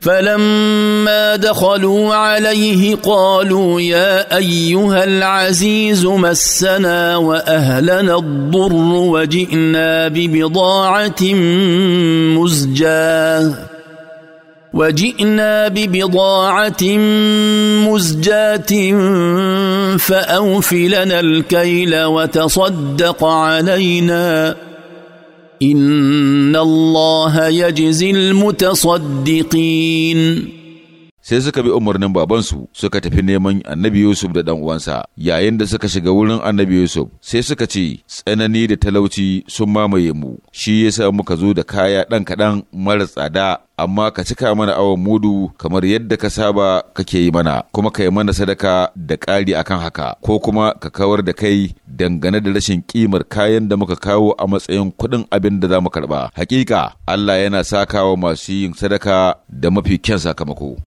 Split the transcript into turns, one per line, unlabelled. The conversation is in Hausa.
فلما دخلوا عليه قالوا يا ايها العزيز مسنا واهلنا الضر وجئنا ببضاعه مزجاه وجئنا ببضاعه مزجاه فاوفلنا الكيل وتصدق علينا ان الله يجزي المتصدقين
sai suka bi umarnin babansu suka tafi neman annabi Yusuf da ɗan uwansa yayin da suka shiga wurin annabi Yusuf sai suka ce tsanani da talauci sun mamaye mu shi yasa muka zo da kaya ɗan kaɗan mara tsada amma ka cika mana awon mudu kamar yadda ka saba kake yi mana kuma ka yi mana sadaka da ƙari akan haka ko kuma ka kawar da kai dangane da rashin ƙimar kayan da muka kawo a matsayin kuɗin abin da za mu karɓa hakika Allah yana sakawa masu yin sadaka
da mafi kyan sakamako